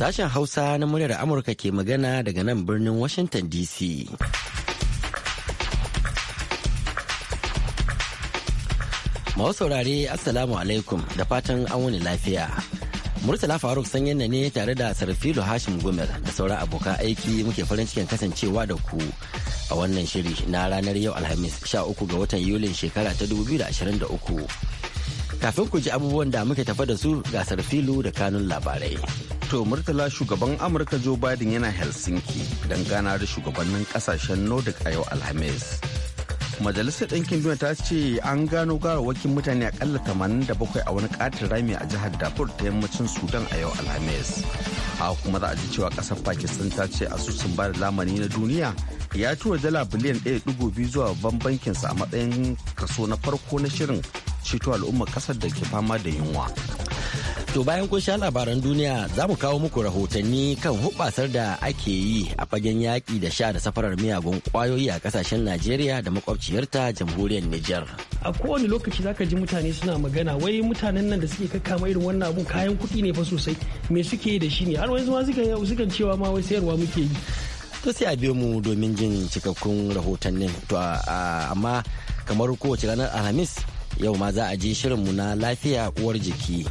Sashen Hausa na muryar Amurka ke magana daga nan birnin Washington DC. Mawar saurare Assalamu alaikum da fatan an wani lafiya. Murtala Faruk sanyin ne tare da Sarfilu Hashim Gumel da sauran abokan aiki muke farin cikin kasancewa da ku a wannan shiri na ranar yau Alhamis 13 ga watan Yulin shekara ta 2023. Kafin ku ji abubuwan da muke tafa da su ga Sarfilu da kanun labarai. To Murtala shugaban Amurka Joe Biden yana Helsinki don gana da shugabannin kasashen Nordic a yau Alhamis. Majalisar Ɗinkin Duniya ta ce an gano garawakin mutane akalla 87 a wani katin rami a jihar Darfur ta yammacin Sudan a yau Alhamis. A kuma za a ji cewa ƙasar Pakistan ta ce asusun bada lamani na duniya ya tura dala biliyan 1.2 zuwa babban bankinsa a matsayin kaso na farko na shirin ceto al'ummar kasar da ke fama da yunwa. To bayan kun sha labaran duniya za mu kawo muku rahotanni kan hubbasar da ake yi a fagen yaƙi da sha da safarar miyagun kwayoyi a kasashen Najeriya da makwabciyarta jamhuriyar Nijar. A kowane lokaci zaka ji mutane suna magana wai mutanen nan da suke kakkama irin wannan abun kayan kuɗi ne fa sosai me suke da shi ne har wani zuma sukan cewa ma wai sayarwa muke yi. to sai a biyo mu domin jin cikakkun rahotannin to amma kamar kowace ranar alhamis yau ma za a je shirinmu na lafiya uwar jiki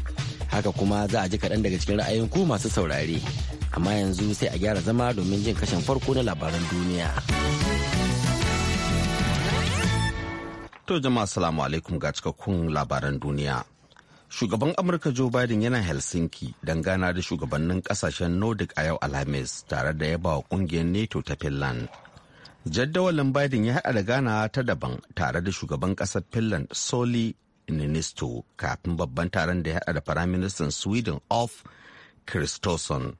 haka kuma za a ji kaɗan daga cikin ra'ayin ku masu saurare amma yanzu sai a gyara zama domin jin kashin farko na labaran duniya to jama'a assalamu alaikum ga cikakkun labaran duniya shugaban amurka joe biden yana helsinki don gana da shugabannin kasashen nordic a yau alhamis tare da yaba wa kungiyar nato ta finland jaddawalin biden ya hada da ganawa ta daban tare da shugaban kasar finland soli Ninisto kafin babban taron da ya haɗa da Firaministan Sweden of Kristosson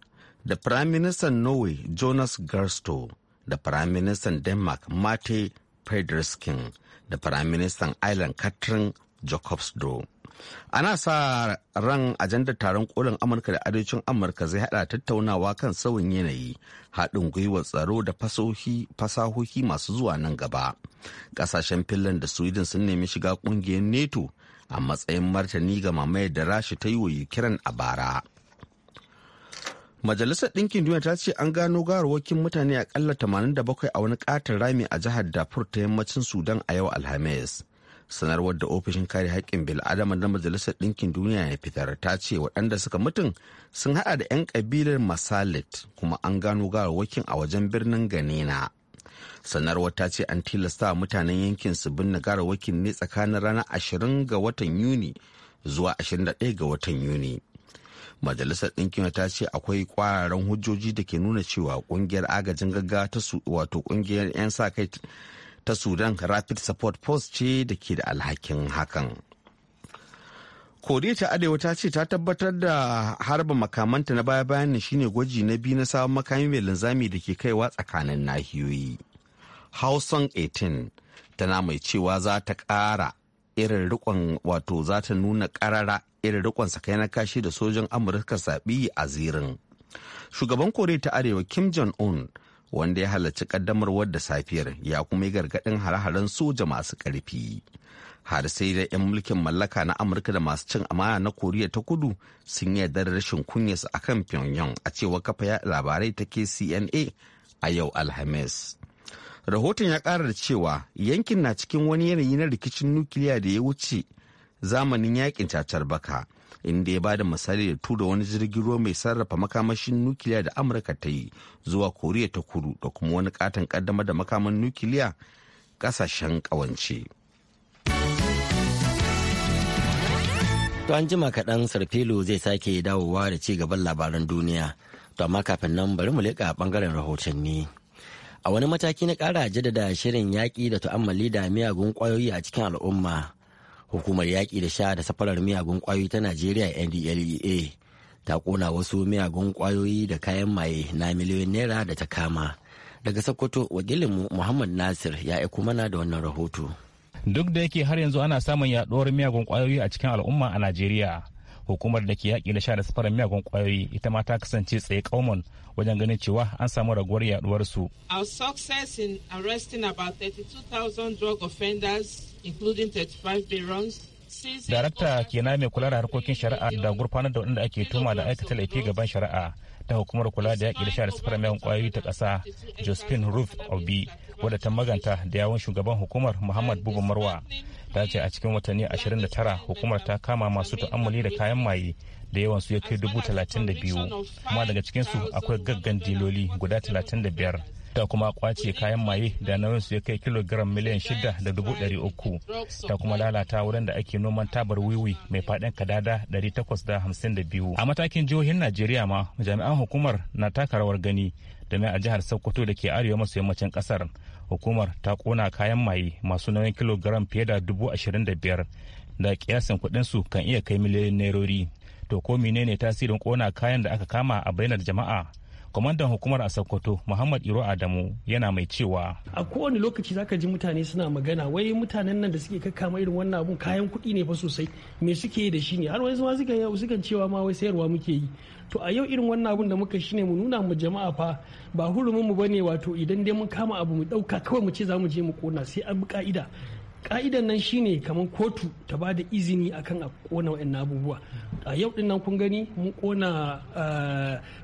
da Firaministan Norway Jonas Garsto da Firaministan Denmark Mate Pedersken da Firaministan Ireland Katrin Jacobsdorff. ana sa ran ajandar taron kolin amurka da arewacin amurka zai haɗa tattaunawa kan sauyin yanayi haɗin gwiwar tsaro da fasahohi masu zuwa nan gaba ƙasashen finland da sweden sun nemi shiga ƙungiyar neto a matsayin martani ga mamayar da rashi ta yi wa kiran a bara majalisar ɗinkin duniya ta ce an gano gawarwakin mutane a akalla 87 a wani katin rami a jihar dafur ta yammacin sudan a yau alhamis sanarwar da ofishin kare haƙƙin bil'adama na majalisar ɗinkin duniya ya fitar ta ce waɗanda suka mutun sun haɗa da 'yan ƙabilar masalit kuma an gano gawarwakin a wajen birnin ganina sanarwar ta ce an tilasta mutanen yankin su binne garawakin ne tsakanin ranar 20 ga watan yuni zuwa 21 ga watan yuni majalisar ɗinkin ta ce akwai kwararan hujjoji da ke nuna cewa kungiyar agajin gaggawa ta su wato kungiyar 'yan sa kai ta sudan rapid support post ce da ke da alhakin hakan koriya ta arewa ta ce ta tabbatar da harba makamanta na baya bayan shine gwaji na biyu na sabon makami mai linzami da ke kaiwa tsakanin nahiyoyi hausan 18 tana mai cewa za ta ƙara irin rikon wato za ta nuna ƙarara irin rikon sakai na kashi da sojan amurka saɓi a zirin shugaban koriya ta arewa kim jong-un wanda ya halarci kaddamarwar da safiyar ya kuma yi gargaɗin hare-haren soja masu ƙarfi har sai da 'yan mulkin mallaka na amurka da masu cin amana na koriya ta kudu sun yarda da rashin kunyarsu kan pyongyang a cewar kafa labarai ta kcna a yau alhamis rahoton ya ƙara da cewa yankin na cikin wani yanayi na rikicin nukiliya da ya wuce zamanin yakin cacar baka inda ya bada misali da tura wani jirgin ruwa mai sarrafa makamashin nukiliya da amurka ta yi zuwa koriya ta kudu da kuma wani katon kaddamar da makaman nukiliya kasashen kawance don an jima kaɗan sarfilo zai sake dawowa da ci gaban labaran duniya to amma kafin nan bari mu leƙa ɓangaren rahotanni a wani mataki na kara jaddada shirin yaƙi da ta'ammali da miyagun kwayoyi a cikin al'umma hukumar yaƙi da sha da safarar miyagun ƙwayoyi ta najeriya ndlea ta ƙona wasu miyagun kwayoyi da kayan maye na miliyoyin naira da ta kama daga sokoto wakilinmu muhammad nasir ya aiko mana da wannan rahoto duk da yake har yanzu ana samun yaɗuwar miyagun kwayoyi a cikin al'umma a najeriya hukumar da ke yaƙi da sha da safarar miyagun ƙwayoyi ita ma ta kasance tsaye kauman wajen ganin cewa an samu raguwar yaduwar su. Our success in arresting about 32,000 drug offenders including 35 barons Darakta na mai kula da harkokin shari'a da gurfanar da waɗanda ake tuma da aikata laifi gaban shari'a ta hukumar kula da yaƙi da sha da safarar miyagun ƙwayoyi ta ƙasa Josephine Ruth Obi wadda ta maganta da yawon shugaban hukumar Muhammad Bubu Marwa. ta ce a cikin watanni 29 hukumar ta kama masu ta'ammali da kayan maye da yawan su ya kai dubu talatin da biyu kuma daga cikin su akwai gaggan diloli guda talatin da biyar ta kuma kwace kayan maye da nauyin su ya kai kilogram miliyan shida da dubu ɗari uku ta kuma lalata wurin da ake noman tabar wiwi mai faɗin kadada ɗari takwas da hamsin da biyu a matakin jihohin najeriya ma jami'an hukumar na taka rawar gani da domin a jihar sokoto da ke arewa maso yammacin ƙasar hukumar ta kona kayan maye masu nauyin kilogram fiye da dubu ashirin da biyar da kiyasin su kan iya kai miliyoyin nerori to ko menene tasirin kona kayan da aka kama a bainar jama'a kwamandan hukumar a sokoto muhammad iro adamu yana mai cewa a kowane lokaci zaka ji mutane suna magana wai mutanen nan da suke kakkama irin wannan abun kayan kuɗi ne fa sosai me suke yi da shi ne har wani ma suka sukan cewa ma wai sayarwa muke yi to a yau irin wannan abun da muka shi ne mu nuna mu jama'a fa ba hurumin mu bane wato idan dai mun kama abu mu dauka kawai mu ce za mu je mu kona sai an bi ka'ida ka'idan nan shine kamar kotu ta ba da izini akan a kona wa'annan abubuwa a yau din nan kun gani mun kona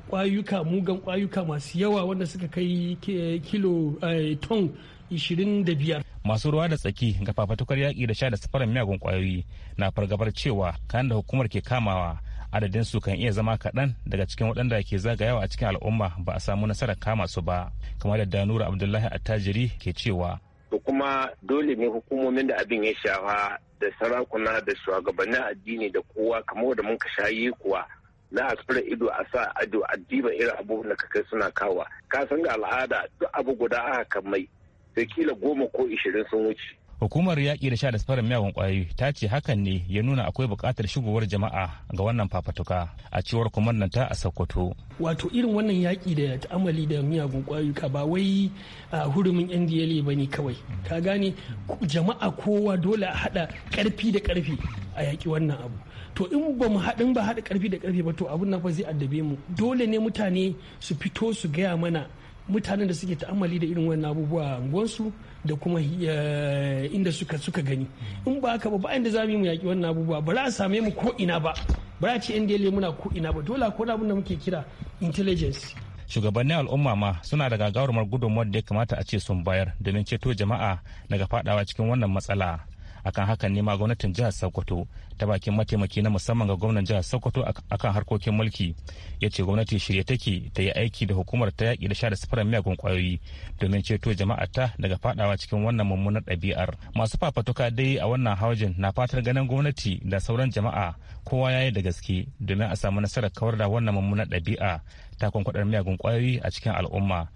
kwayuka eh, mugan kwayuka masu yawa wanda suka kai kilo eh, ton 25 masu ruwa da tsaki ga fafatukar yaƙi da sha da safarar miyagun kwayoyi na fargabar cewa kayan da hukumar ke kamawa adadin su kan iya zama kaɗan daga cikin waɗanda ke zagayawa a cikin al'umma ba a samu nasarar kama su ba kamar da danura abdullahi attajiri ke cewa to kuma dole ne hukumomin da abin ya shafa da sarakuna da shugabannin addini da kowa kamar da mun ka shayi kuwa za a tsira ido a sa ado a diba irin abubuwan da kakai suna kawa ka san ga al'ada duk abu guda aka kan mai sai kila goma ko ishirin sun wuce hukumar yaƙi da sha da safarar miyagun ƙwayoyi ta ce hakan ne ya nuna akwai buƙatar shigowar jama'a ga wannan fafatuka a cewar kumannan ta a sokoto wato irin wannan yaƙi da ta'amali da miyagun ƙwayoyi ba wai a hurumin yan ba ne kawai ka gane jama'a kowa dole a haɗa ƙarfi da ƙarfi a yaƙi wannan abu to in ba mu haɗin ba haɗa ƙarfi da ƙarfi ba to abin na fa zai addabe mu dole ne mutane su fito su gaya mana mutanen da suke ta'ammali da irin wannan abubuwa unguwansu da kuma eh, inda suka suka gani in ba haka ba ba inda za mu yaki wannan abubuwa ba za a same mu ko ina ba ba za a ce yan dele muna ko ina ba dole ko abin da muke kira intelligence shugabannin al'umma ma suna da gagarumar gudunmawar da ya kamata a ce sun bayar domin ceto jama'a daga fadawa cikin wannan matsala akan hakan ne ma gwamnatin jihar sokoto ta bakin mataimaki na musamman ga gwamnan jihar sokoto akan harkokin mulki ya ce gwamnati shirye take ta yi aiki da hukumar ta yaƙi da sha da sifirin miyagun kwayoyi domin ceto jama'a ta daga fadawa cikin wannan mummunar ɗabi'ar masu fafatuka dai a wannan hawajin na fatar ganin gwamnati da sauran jama'a kowa ya yi da gaske domin a samu nasarar kawar da wannan mummunar ɗabi'a ta kwankwadar miyagun kwayoyi a cikin al'umma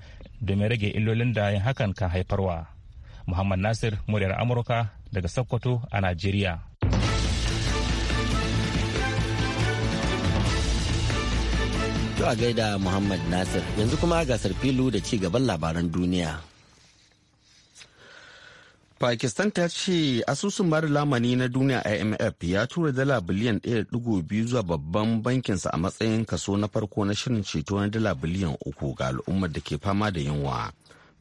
domin rage illolin da yin hakan kan haifarwa. Muhammad Nasir muryar Amurka daga Sokoto a Najeriya. To a gaida Muhammad Nasir yanzu kuma gasar filu da ci gaban labaran duniya. Pakistan ta ce asusun mara lamani na duniya IMF ya tura dala biliyan 1.2 zuwa babban bankinsa a matsayin kaso na farko na shirin ceto na dala biliyan 3 ga al'ummar da ke fama da yunwa.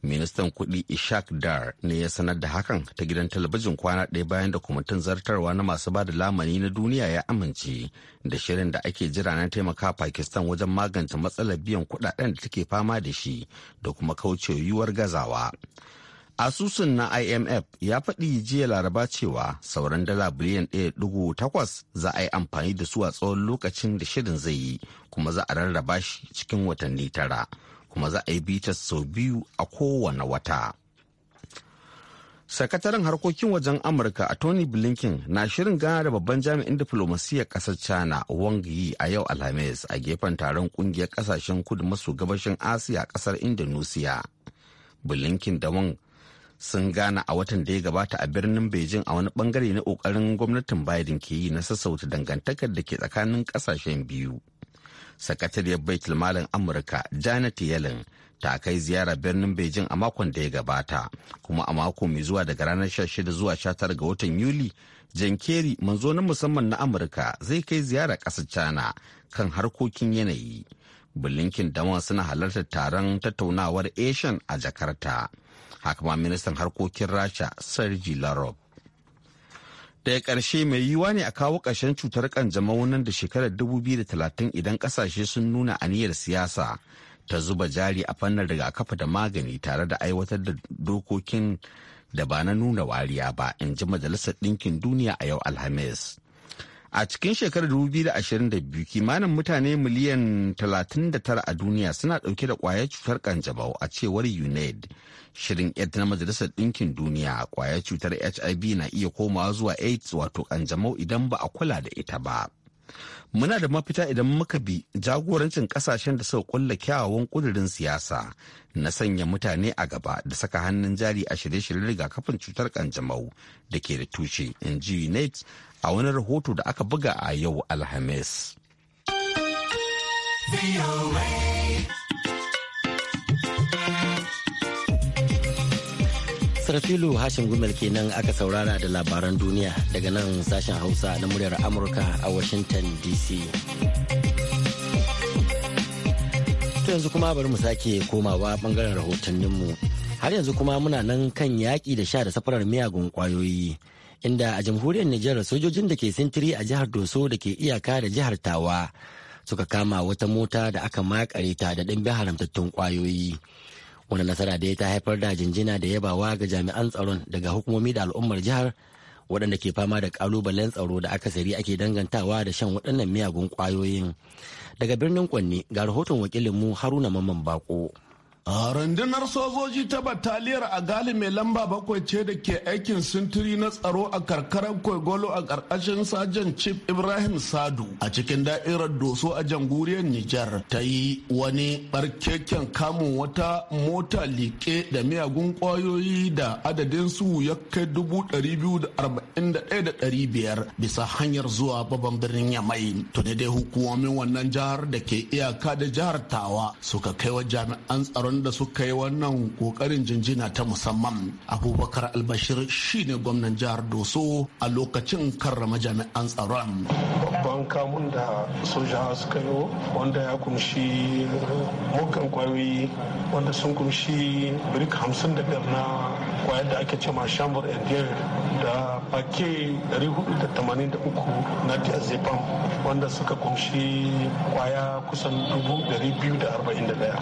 ministan kuɗi ishak dar ne ya sanar da hakan ta gidan talabijin kwana ɗaya bayan da kwamitin zartarwa na masu ba da lamani na duniya ya amince da shirin da ake jira na taimaka pakistan wajen magance matsalar biyan kuɗaɗen da take fama da shi da kuma kauce yiwuwar gazawa asusun na imf ya faɗi jiya laraba cewa sauran dala biliyan ɗaya takwas za a yi amfani da su a tsawon lokacin da shirin zai yi kuma za a rarraba shi cikin watanni tara kuma za a yi bitar sau biyu a kowane wata. sakataren harkokin wajen amurka a tony blinken na shirin gana da babban jami'in diflomasiyyar kasar china wang yi a yau alhamis a gefen taron kungiyar kasashen kudu maso gabashin asiya kasar indonesia blinken da wang sun gana a watan da ya gabata a birnin beijing a wani bangare na kokarin gwamnatin biden ke yi na sassauta dangantakar da ke tsakanin kasashen biyu sakatariyar baitul malin amurka janet yellen ta kai ziyara birnin beijing a makon da ya gabata kuma a mako mai zuwa daga ranar 16 zuwa 19 ga watan yuli jan kerry manzo na musamman na amurka zai kai ziyara ƙasar china kan harkokin yanayi blinken dama suna halartar taron tattaunawar asian a jakarta haka ma ministan harkokin rasha sergi larov daga ƙarshe mai yiwuwa ne a kawo ƙarshen cutar kanjamau nan da shekarar 2030 idan ƙasashe sun nuna aniyar siyasa ta zuba jari a fannin rigakafi da magani tare da aiwatar da dokokin da ba na nuna wariya ba in ji majalisar ɗinkin duniya a yau alhamis A cikin shekarar 2022 kimanin mutane miliyan 39 a duniya suna ɗauke da kwayar cutar kanjamau a cewar UNAID. Shirin AIDS na Majalisar Ɗinkin Duniya kwayar cutar HIV na iya komawa zuwa AIDS wato kanjamau idan ba a kula da ita ba. Muna da mafita idan muka bi jagorancin kasashen da suka kulla kyawawan kudirin siyasa na sanya mutane a gaba da saka hannun jari a shirye-shiryen rigakafin cutar kanjamau da ke da tushe, in ji a wani rahoto da aka buga a yau alhamis sarfilu hashin gumel kenan aka saurara da labaran duniya daga nan sashen hausa na muryar amurka a washington dc to yanzu kuma bari mu sake komawa bangaren rahotanninmu har yanzu kuma muna nan kan yaƙi da sha da safarar miyagun ƙwayoyi inda a jamhuriyar Nijar sojojin da ke sintiri a jihar Doso da ke iyaka da jihar Tawa suka kama wata mota da aka makare ta da ɗimbin haramtattun ƙwayoyi Wani nasara da ya ta haifar da jinjina da yabawa ga jami'an tsaron daga hukumomi da al'ummar jihar waɗanda ke fama da ƙalubalen tsaro da aka akasari ake dangantawa da shan waɗannan miyagun ƙwayoyin Daga birnin Kwanne ga rahoton wakilinmu Haruna Mamman Bako. rundunar sojoji ta bataliyar a gali mai lamba bakwai ce da ke aikin sintiri na tsaro a karkarar Kogolo a ƙarƙashin sajan chief ibrahim sadu a cikin da'irar doso a jamhuriyar nijar ta yi wani barkeken kamun wata mota liƙe da miyagun ƙwayoyi da adadin su ya kai dubu ɗari biyu da arba'in da ɗaya da ɗari biyar bisa hanyar zuwa babban birnin yamai tuni dai hukumomin wannan jihar da ke iyaka da jihar tawa suka kai wa jami'an tsaron da suka yi wannan kokarin jinjina ta musamman abubakar albashir shine gwamnan jihar doso a lokacin karrama jami'an tsaron babban kamun da soja suka yi wanda ya kumshi muggan kwayoyi wanda sun kumshi birk hamsin na kwayar da ake cema shambur indian da fake 483 na diazepam wanda suka kumshi kwaya kusan 241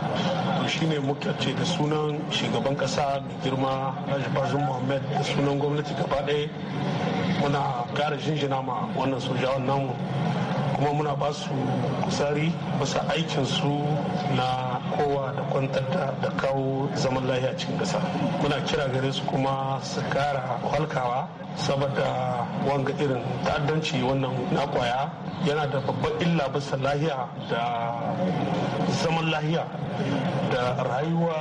to shine muka ce da sunan shugaban kasa da girma rajabazin mohamed da sunan gwamnati gaba muna kara jinjina ma wannan sojawan namu kuma muna ba su kusari masa aikinsu na kowa da kwantar da da kawo zaman lafiya cikin ƙasa muna kira gare su kuma su kara halkawa saboda wanga irin ta'addanci wannan na kwaya yana da babban illa bisa lahiya da zaman lahiya da rayuwa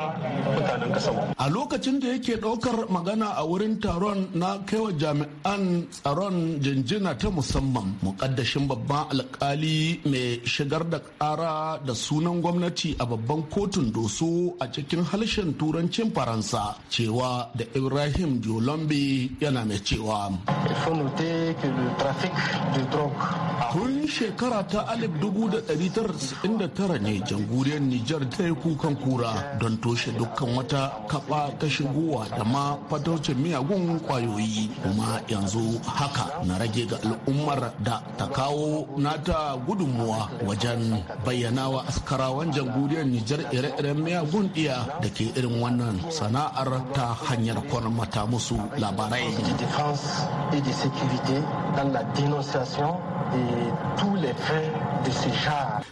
mutanen kasar. A lokacin da yake ɗaukar magana a wurin taron na kaiwa jami'an tsaron jinjina ta musamman muƙaddashin babban alƙali mai shigar da ƙara da sunan gwamnati a babban kotun doso a cikin harshen turancin faransa cewa da ibrahim jolombe yana mai cewa tun shekara ta 1999 ne jamhuriyar nijar ta yi kukan kura don toshe dukkan wata kaba ta shigowa da ma fataucin miyagun kwayoyi kuma yanzu haka na rage ga al'ummar da ta kawo nata gudunmuwa wajen bayyanawa askarawan jamhuriyar nijar ire-iren miyagun ɗiya da ke irin wannan sana'ar ta hanyar kwarmata musu labarai.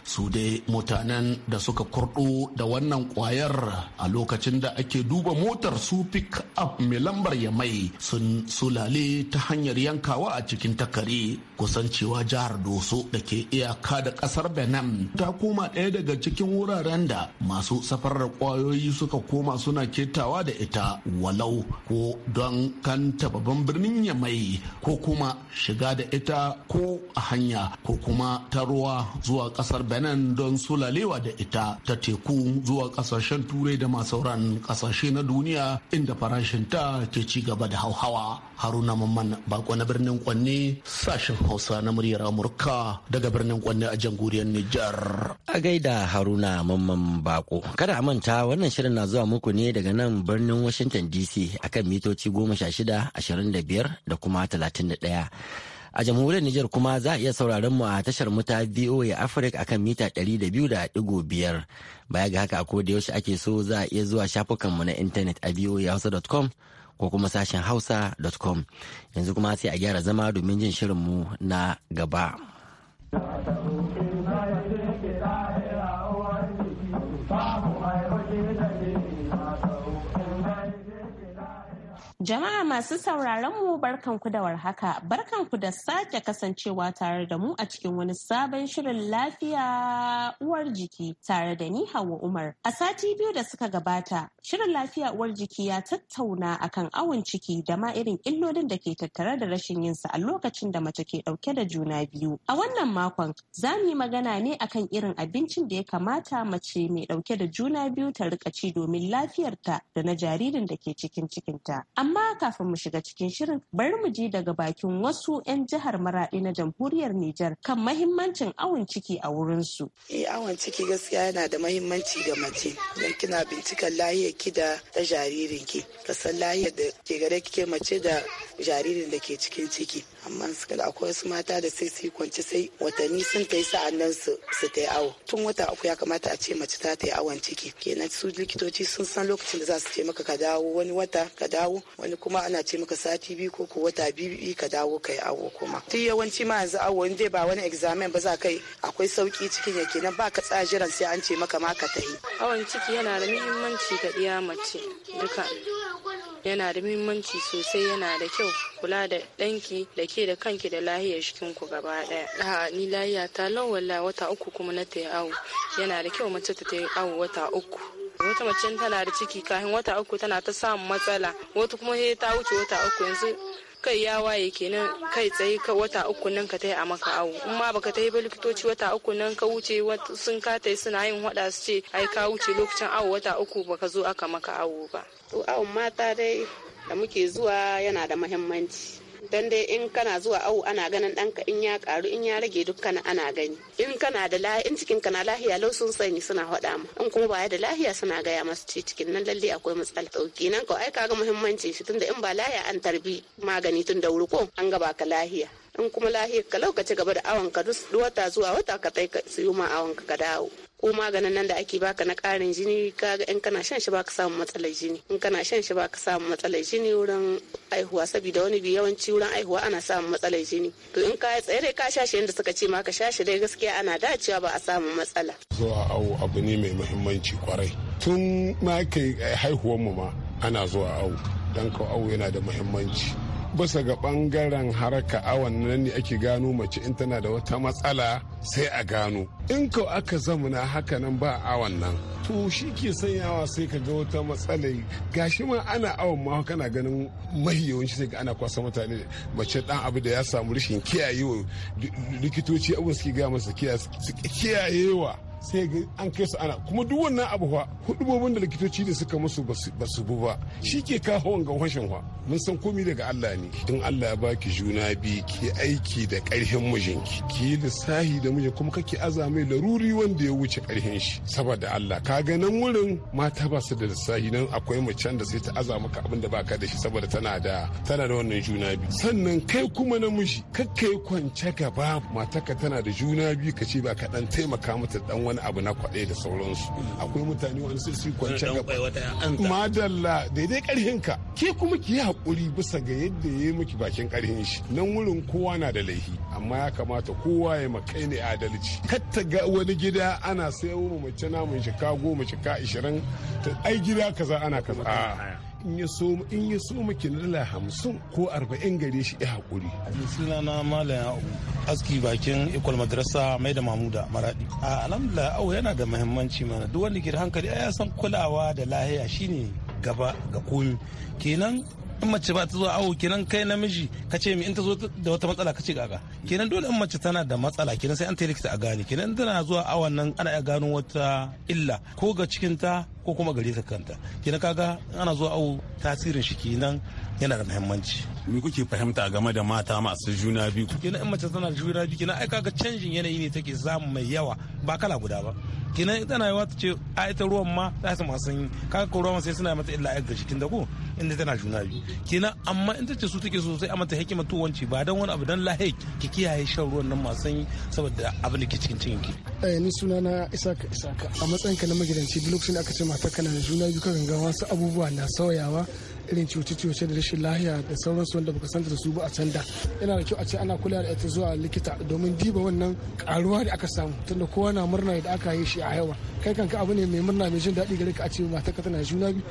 su dai mutanen da suka kurdo da wannan kwayar a lokacin da ake duba motar su pick up mai lambar ya mai sun sulale ta hanyar yankawa a cikin takare kusan cewa jihar doso da ke iyaka da kasar benin ta koma ɗaya daga cikin wuraren da masu safarar kwayoyi suka koma suna ketawa da ita walau ko don kanta babban birnin ya mai ko kuma shiga da ita ko a hanya ko kuma kuma ta ruwa zuwa kasar benin don sulalewa da ita ta teku zuwa kasashen turai da masu sauran kasashe na duniya inda farashin ta ke ci gaba da hauhawa haruna mamman bako na birnin kwanne sashen hausa na muryar amurka daga birnin kwanne a jamhuriyar nijar a gaida haruna mamman bako kada a manta wannan shirin na zuwa muku ne daga nan birnin washington dc akan mitoci goma sha shida ashirin da biyar da kuma talatin da A jamhuriyar Nijar kuma za a iya sauraron mu a tashar muta VOA Africa akan mita 200.5. Baya ga haka a da yaushe ake so za a iya zuwa shafukan mu na intanet a voahausa.com ko kuma sashen hausa.com. Yanzu kuma sai a gyara zama domin jin shirin mu na gaba. Jama'a masu sauraron mu barkanku da warhaka, barkanku da sake kasancewa tare da mu a cikin wani sabon shirin lafiya uwar jiki tare da ni Hauwa Umar. A sati biyu da suka gabata, shirin lafiya uwar jiki ya tattauna akan awon ciki da ma irin illolin da ke tattare da rashin yin sa a lokacin da mace ke dauke da juna biyu. A wannan makon, za mu yi magana ne akan irin abincin da ya kamata mace mai dauke da juna biyu ta rika ci domin lafiyarta da na jaririn da ke cikin cikinta. Amma amma kafin mu shiga cikin shirin bari mu ji daga bakin wasu 'yan jihar Maraɗi na jamhuriyar Nijar kan mahimmancin awon ciki a wurinsu. Eh awon ciki gaskiya yana da mahimmanci ga mace don kina bincikan lahiyar ki da ta jaririn ki. Kasan lahiyar da ke gare kike mace da jaririn da ke cikin ciki. amma su kada akwai wasu mata da sai su yi kwanci sai watanni sun ta yi sa'an nan su ta yi awo tun wata uku ya kamata a ce mace ta ta yi awon ciki kenan su likitoci sun san lokacin da za su ce maka ka dawo wani wata ka dawo wani kuma ana ce maka sati biyu ko ko wata biyu ka dawo ka yi awo kuma tun yawanci ma yanzu awo in dai ba wani examen ba za ka yi akwai sauki cikin ya kenan ba ka tsaya jiran sai an ce maka ma ka ta yi. awon ciki yana da muhimmanci ga ɗiya mace duka yana da muhimmanci sosai yana da kyau kula da ɗanki da ke da kanki da lahiyar jikin ku gaba daya a ni lahiya ta lawala wata uku kuma na ta awo yana da kyau mace ta ta awo wata uku wata mace tana da ciki kafin wata uku tana ta samun matsala wata kuma sai ta wuce wata uku yanzu kai ya waye kenan kai tsaye ka wata uku nan ka tai a maka awo in ma baka tai ba likitoci wata uku nan ka wuce sun ka tai suna yin hada su ce ai ka wuce lokacin awo wata uku baka zo aka maka awo ba to awon mata dai da muke zuwa yana da muhimmanci dan dai in kana zuwa awo ana ganin ɗanka in ya karu in ya rage dukkan ana gani in kana da lahiya in cikin kana lahiya lau sun sani suna faɗa ma in kuma baya da lahiya suna gaya masu ci cikin nan lalle akwai matsala dauki nan ka ai kaga muhimmanci shi tunda in ba lahiya an tarbi magani tun da wuri ko an gaba ka lahiya in kuma lahiya ka lokaci gaba da awon ka duk wata zuwa wata ka tsaye ka siyo ma awon ka dawo ko maganin nan da ake baka na karin jini kaga in kana shan shi baka samu matsalar jini in kana shan shi baka samu matsalar jini wurin aihuwa saboda wani bi yawanci wurin aihuwa ana samun matsalar jini to in ka tsaye dai ka sha shi yadda suka ce maka sha shi dai gaskiya ana dacewa ba a samu matsala zuwa awo abu ne mai muhimmanci kwarai tun ma ke haihuwar mu ma ana zuwa awo dan ka awo yana da muhimmanci bisa ga bangaren haraka awan nan ne ake gano mace in tana da wata matsala sai a gano in ka aka zamana haka nan ba awan nan to shi ke sanyawa sai ka ga wata matsala gashi ma ana awon ma kana ganin yawanci sai ga ana kwasa mutane mace dan abu da ya samu rashin kiyayewa likitoci abu suke ga masa kiyayewa sai ga an kai su ana kuma duk wannan abu fa hudubobin da likitoci da suka musu ba su bu ba shi ke kawo ga washin fa mun san komi daga Allah ne don Allah ya baki juna biyu ki aiki da karhin mijinki ki lissahi da mijin kuma kake aza mai laruri wanda ya wuce karhin shi saboda Allah ka ga nan wurin mata ba su da lissahi nan akwai macen da sai ta aza maka abin da baka da shi saboda tana da tana da wannan juna biyu sannan kai kuma namiji kakkai kwance gaba mataka tana da juna biyu ka ce ba ka dan taimaka mata dan wani wani abu na kwaɗe da sauransu mm. akwai mutane wani sai su kwanci madalla daidai karhin ka ke kuma ki yi hakuri bisa ga yadda ya yi miki bakin ƙarhin shi nan wurin kowa na da laifi amma ya kamata kowa ya makai ne adalci katta ga wani gida ana sayo mace namun ka goma ka ishirin ai gida kaza ana kaza in ya so in ya so miki dala hamsin ko arba'in gare shi ya hakuri. suna na malam aski bakin ikwal madrasa mai da mamuda maradi. a alhamdulillah awo yana da mahimmanci mana duk wanda ke da hankali a yasan kulawa da lahiya shine gaba ga komi kenan in mace ba ta zo awo kenan kai namiji ka ce in ta zo da wata matsala ka ce gaga kenan dole in mace tana da matsala kenan sai an ta likita a gane kenan tana zuwa awon nan ana iya gano wata illa ko ga cikinta ko kuma gare ta kanta kenan kaga ana zuwa awo tasirin shi kenan yana da muhimmanci me kuke fahimta game da mata masu juna biyu kina in mace tana juna biyu kina ai kaga canjin yanayi ne take zamu mai yawa ba kala guda ba kina tana yawa ta ce a ita ruwan ma za su masu yi kaga ko ruwan sai suna mata illa a kin da ku inda tana juna biyu kina amma in tace su take so sai a mata hikima ci ba dan wani abu dan lahi ki kiyaye shan ruwan nan masu yi saboda abin da ke cikin cikin ki eh ni sunana isaka isaka a matsayin ka na magidanci duk lokacin da aka ce mata kana da juna biyu ka ganga wasu abubuwa na sauyawa irin cuce-cuce da rashin lahiya da sauransu wanda baka santa da su ba a can da yana da kyau a ce ana kula da ita zuwa likita domin diba wannan karuwa da aka samu tunda kowa na murna da aka yi shi a yawa kai kanka abu ne mai murna mai jin daɗi gare ka a ce mata ka tana juna biyu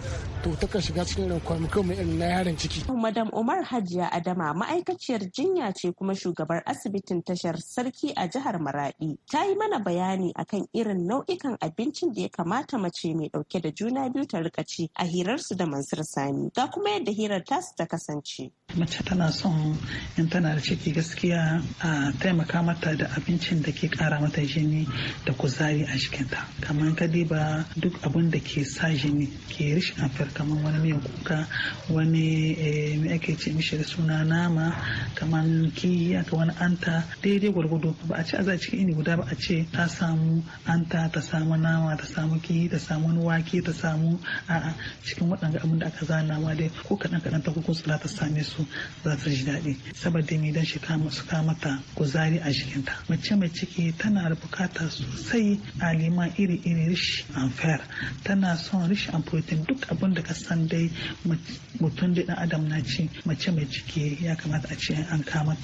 to takan shiga cikin irin kwamukan mai irin na yaron ciki. madam umar hajiya adama ma'aikaciyar jinya ce kuma shugabar asibitin tashar sarki a jihar maraɗi ta yi mana bayani akan irin nau'ikan abincin da ya kamata mace mai ɗauke da juna biyu ta rika ci a hirarsu da mansur sani. ga kuma yadda hirar tasu ta kasance. Mace tana son in tana da ciki gaskiya a taimaka mata da abincin da ke kara mata jini da kuzari a jikinta. Kamar ka ba duk abin da ke sa jini ke rishin afiyar kamar wani miyan kuka wani eh, mai ake ce mishi da suna nama kamar kiyi aka wani anta daidai gwargwado ba a ce a cikin ini guda ba a ce ta samu anta ta samu nama ta samu kiyi ta samu wake ta samu a cikin waɗanda abin da aka zanawa dai ko kaɗan kaɗan ta kuku za ta same su za ta ji daɗi saboda mai dan shi kama su kama ta kuzari a jikinta mace mai ciki tana da bukata sosai a liman iri iri rishi an fair tana son rishi an protein duk abin da ka san dai mutum da ɗan adam na ci mace mai ciki ya kamata a ce an kama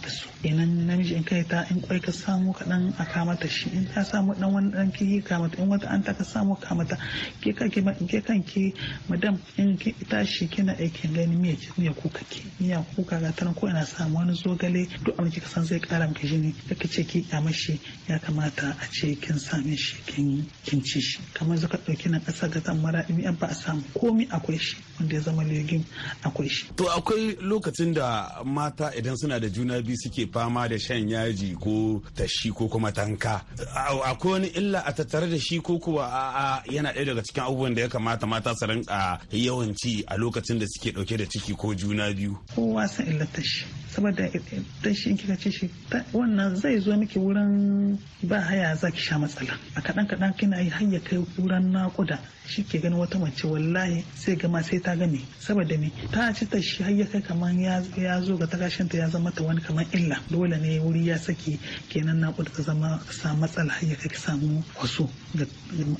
ta su inan namiji in kai ta in kwai ka samu kaɗan a kama ta shi in ka samu ɗan wani ɗan kiyi kama ta in wata an ta ka samu kama ta ke kanki madam in ita shi kina aikin gani miya ki miya kuka ki miya kuka ga tana ko ina samu wani zogale duk abin kika san zai kara maka jini kake ce ki ya mashi ya kamata a ce kin same shi kin kin ci shi kamar zaka dauki na kasa ga zan mara in ba a samu komi akwai shi wanda ya zama legume akwai shi to akwai lokacin da mata idan suna da juna biyu suke fama da shan yaji ko tashi ko kuma tanka akwai wani illa a tattare da shi ko kuwa a yana ɗaya daga cikin abubuwan da ya kamata mata su rinka yawan ci a lokacin da suke dauke da ciki ko juna biyu kowa san illata shi saboda tashi in kika ci shi wannan zai zo miki wurin ba haya za ki sha matsala a kaɗan kaɗan kina yi har ya kai wurin naƙuda shi ke ganin wata mace wallahi sai gama sai ta gane saboda me ta ci tashi shi har ya kai kaman ya zo ga ta ya zama ta wani kaman illa dole ne wuri ya saki kenan nakuda ta zama sa matsala har ya kai ki samu kwaso ga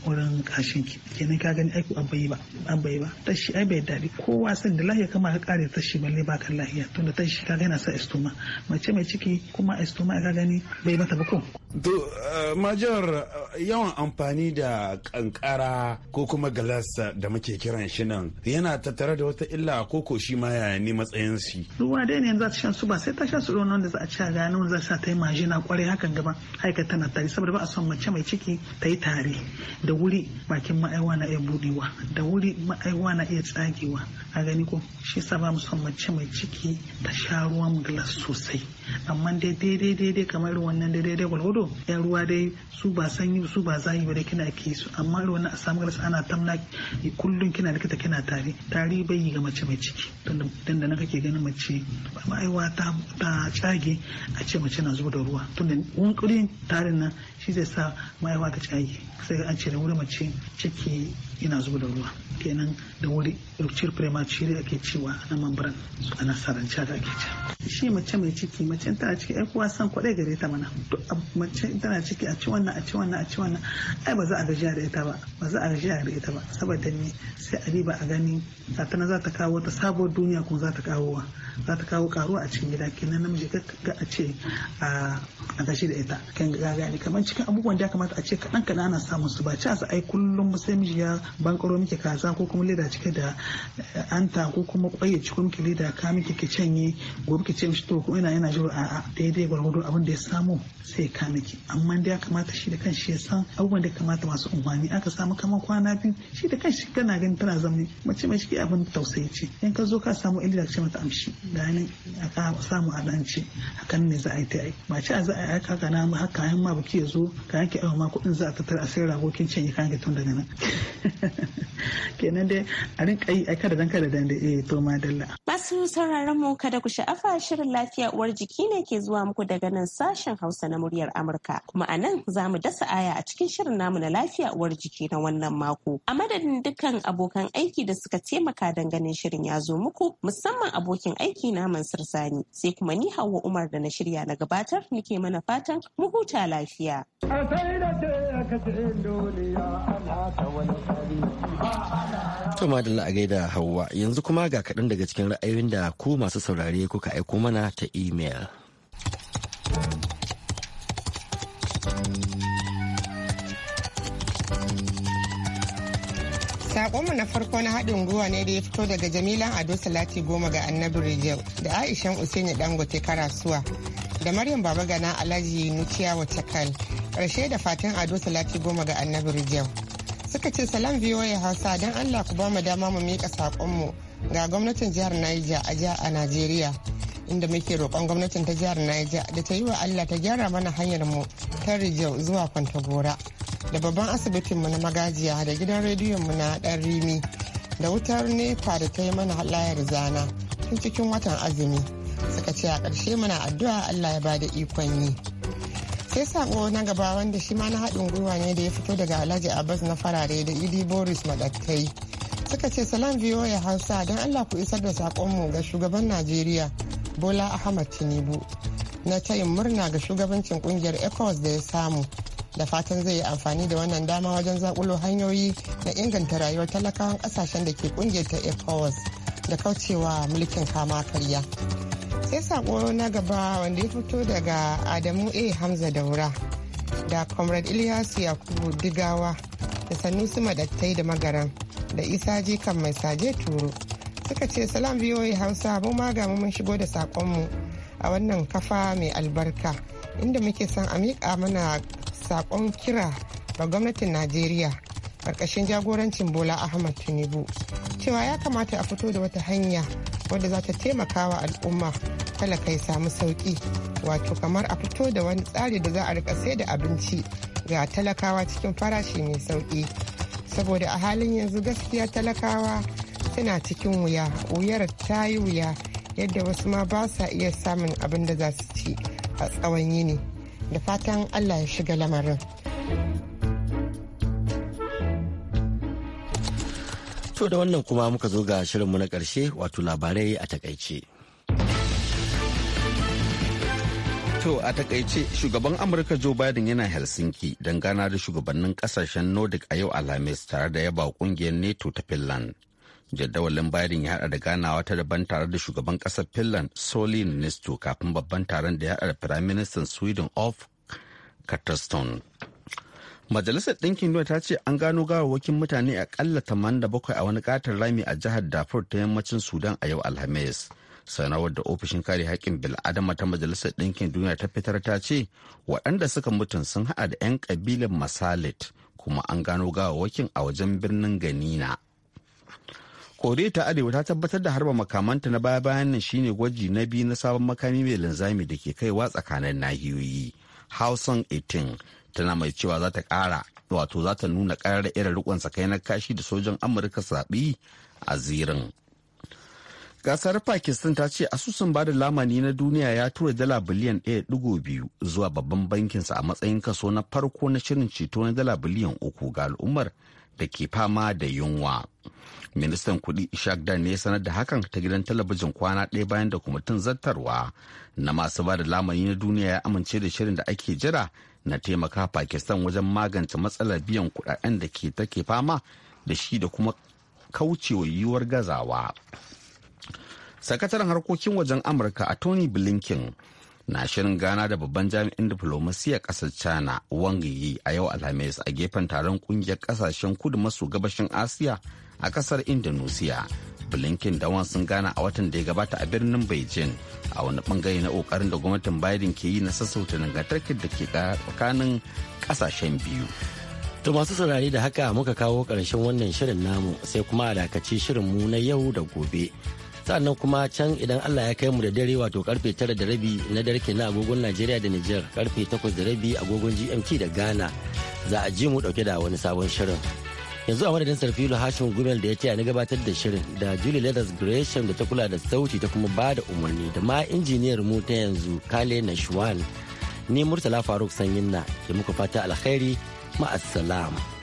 wurin kashin ki kenan ka gani aiki abai ba abai ba ta shi ai bai daɗi kowa san da lahiya kama ka kare ta shi balle ba kan lahiya tunda ta shi kaga yana sa estoma mace mai ciki kuma estoma ka gani bai mata ba ko. to eh, majar eh, yawan amfani da kankara ko kuma galas da muke kiran shi nan yana tattare da wata illa ko ko shi ma ya ne matsayin shi. ruwa dai ne za ta shan su ba sai ta sha su ruwan wanda za a ci a gano za ta yi majina kwarai hakan gaba haika tana tari saboda ba a son mace mai ciki ta yi tari da wuri bakin ma'aiwa na iya budewa da wuri ma'aiwa na iya dagewa a gani ko shi sa ba son mace mai ciki ta sha ruwan glass sosai amma dai dai dai kamar wannan dai dai gwalgwado ya ruwa dai su ba sanyi su ba zahi ba dai kina ke su amma irin wannan a samu glass ana tamna kullum kina likita kina tare tari bai yi ga mace mai ciki tun da na kake ganin mace ba aiwa ta tsage a ce mace na zuba da ruwa tun da wunkurin tarin nan shi zai sa ma'aiwa ta tsage sai an ce da wuri mace ciki ina zuba da ruwa kenan da wuri rupture premature ake cewa na membran a nasarance da ake ce shi mace mai ciki mace tana ciki ai kuwa san kwaɗai gare ta mana to mace tana ciki a ci wannan a ci wannan a ci wannan ai ba za a gajiya da ita ba ba za a gajiya da ita ba saboda ne sai a riba a gani satana za ta kawo ta sabuwar duniya kuma za ta kawo za ta kawo karuwa a cikin gida kenan namiji ga a ce a gashi da ita kan ga gani kamar cikin abubuwan da ya kamata a ce kaɗan kaɗan ana samun su ba ci a ai kullum sai miji ya bankaro miki kaza ko kuma leda cike da anta ko kuma kwaye cikin ki leda ka miki ki canye gobe ki ce mishi to ko ina yana jiro a daidai gwargwado abin da ya samu sai ka miki amma da ya kamata shi da kanshi ya san abubuwan da kamata masu unwani aka samu kamar kwana biyu shi da kanshi kana gani tana zamani mace mai shi abin tausayi ce in ka zo ka samu illa ce mata amshi da ni a samu a hakan ne za a yi ta yi ba ce a za a yi aka gana ma haka yan ma baki ya zo ka yanke awa ma kuɗin za a tattara a sai kin canye kan tun daga nan kenan dai a rinka ai eh, ai kada dan kada dan da eh to madalla masu sauraron mu kada ku sha'afa shirin lafiya uwar jiki ne ke zuwa muku daga nan sashen Hausa na muryar Amurka kuma a nan za mu dasa aya a cikin shirin namu na lafiya uwar jiki na wannan mako a madadin dukkan abokan aiki da suka taimaka dan ganin shirin ya zo muku musamman abokin aiki na Mansur Sani sai kuma ni Hauwa Umar da na shirya na gabatar nake mana fatan mu huta lafiya a sai da To madalla a gaida Hauwa yanzu kuma ga kaɗan daga cikin ra'ayoyin da ku masu saurare kuka aiko mana ta imel. Sakonmu na farko na haɗin gwiwa ne da ya fito daga Jamilan Ado Salati Goma ga Annabi Rijau da Aishan Usaini Dangote Karasuwa da Maryam Baba Gana Alhaji Nuciya Watakal Karshe da fatan ado salati goma ga annabi rijiyar suka ce salam ya hausa don allah ku ba mu dama mu miƙa saƙonmu ga gwamnatin jihar niger a jiya a najeriya inda muke roƙon gwamnatin ta jihar niger da ta yi wa allah ta gyara mana hanyar mu ta rijau zuwa kwantagora da babban asibitin mu na magajiya da gidan rediyonmu na ɗan rimi da wutar nepa da ta yi mana layar zana tun cikin watan azumi suka ce a ƙarshe muna addu'a allah ya bada ikon yi. sai sako na gaba wanda shi ma na haɗin gwiwa ne da ya fito daga alhaji abbas na farare da idi boris madattai suka ce salam ya hausa don allah ku isar da saƙonmu ga shugaban najeriya bola ahmad tinubu na tayin murna ga shugabancin kungiyar ecowas da ya samu da fatan zai yi amfani da wannan dama wajen zakulo hanyoyi na inganta rayuwar talakawan kasashen da ke kungiyar ta ecowas da kaucewa mulkin kama karya sai saƙo na gaba wanda ya fito daga adamu a hamza daura da comrade ilyasu yakubu digawa da sanusi madattai da magaran da isa jikan mai saje turu suka ce salam ya hausa mu maga mun shigo da saƙonmu a wannan kafa mai albarka inda muke son a miƙa mana saƙon kira ga gwamnatin najeriya ƙarƙashin jagorancin bola ahmad tinubu cewa ya kamata a fito da wata hanya wadda za ta taimaka wa al'umma talaka ya samu sauki wato kamar a fito da wani tsari da za a rika sai da abinci ga talakawa cikin farashi mai sauki saboda a halin yanzu gaskiya talakawa suna cikin wuya wuyar ta yi wuya yadda wasu ma ba sa iya samun abin da za su ci a tsawon yini da fatan allah ya shiga lamarin to da wannan kuma muka zo ga shirinmu na karshe wato labarai a takaice. To a takaice shugaban Amurka Joe Biden yana Helsinki don gana da shugabannin kasashen Nordic a yau Alhamis tare da yaba kungiyar NATO ta Finland. Jadawalin Biden ya hada da ganawa ta daban tare da shugaban kasar Finland Soli Nisto kafin babban taron da ya hada da Prime Minister Sweden of Kataston. Majalisar Ɗinkin Duniya ta ce an gano gawarwakin mutane akalla 87 a wani ƙatar rami a jihar dafur ta yammacin Sudan a yau Alhamis. sanarwar da ofishin kare haƙƙin bil'adama ta majalisar ɗinkin duniya ta fitar ta ce waɗanda suka mutun sun haɗa da 'yan ƙabilar masalit kuma an gano gawawakin a wajen birnin ganina kore ta arewa ta tabbatar da harba makamanta na baya bayan nan shine gwaji na biyu na sabon makami mai linzami da ke kaiwa tsakanin nahiyoyi hausan 18 tana mai cewa za ta ƙara wato za ta nuna ƙarar irin rikon tsakanin kashi da sojan amurka saɓi a zirin gasar pakistan ta ce asusun bada lamani na duniya ya tura dala biliyan 1.2 zuwa babban bankinsa a matsayin kaso na farko na shirin ceto na dala biliyan 3 ga al'ummar da ke fama da yunwa ministan kudi ishaq dan ne ya sanar da hakan ta gidan talabijin kwana ɗaya bayan da kwamitin zartarwa na masu bada lamani na duniya ya amince da shirin da ake jira na taimaka pakistan wajen magance matsalar biyan kuɗaɗen da ke take fama da shi da kuma kaucewa yiwuwar gazawa sakataren harkokin wajen amurka a tony blinken na shirin gana da babban jami'in diplomasiyyar kasar china wang yi a yau alhamis a gefen taron kungiyar kasashen kudu maso gabashin asiya a kasar indonesia blinken da sun gana a watan da ya gabata a birnin beijing a wani bangare na kokarin da gwamnatin biden ke yi na sassauta dangantakar da ke tsakanin kasashen biyu To masu saurari da haka muka kawo ƙarshen wannan shirin namu sai kuma a dakaci mu na yau da gobe. sannan kuma can idan Allah ya kai mu da dare wato karfe tara da rabi na dare na agogon Najeriya da Niger karfe takwas da rabi agogon GMT da Ghana za a ji mu dauke da wani sabon shirin. yanzu a madadin sarfilu hashim gumel da ya ce ni gabatar da shirin da julie leathers gresham da ta kula da sauti ta kuma ba da umarni da ma injiniyar mu ta yanzu kale na shuwan ni murtala faruk sanyin na ke muku fata alkhairi ma'assalam.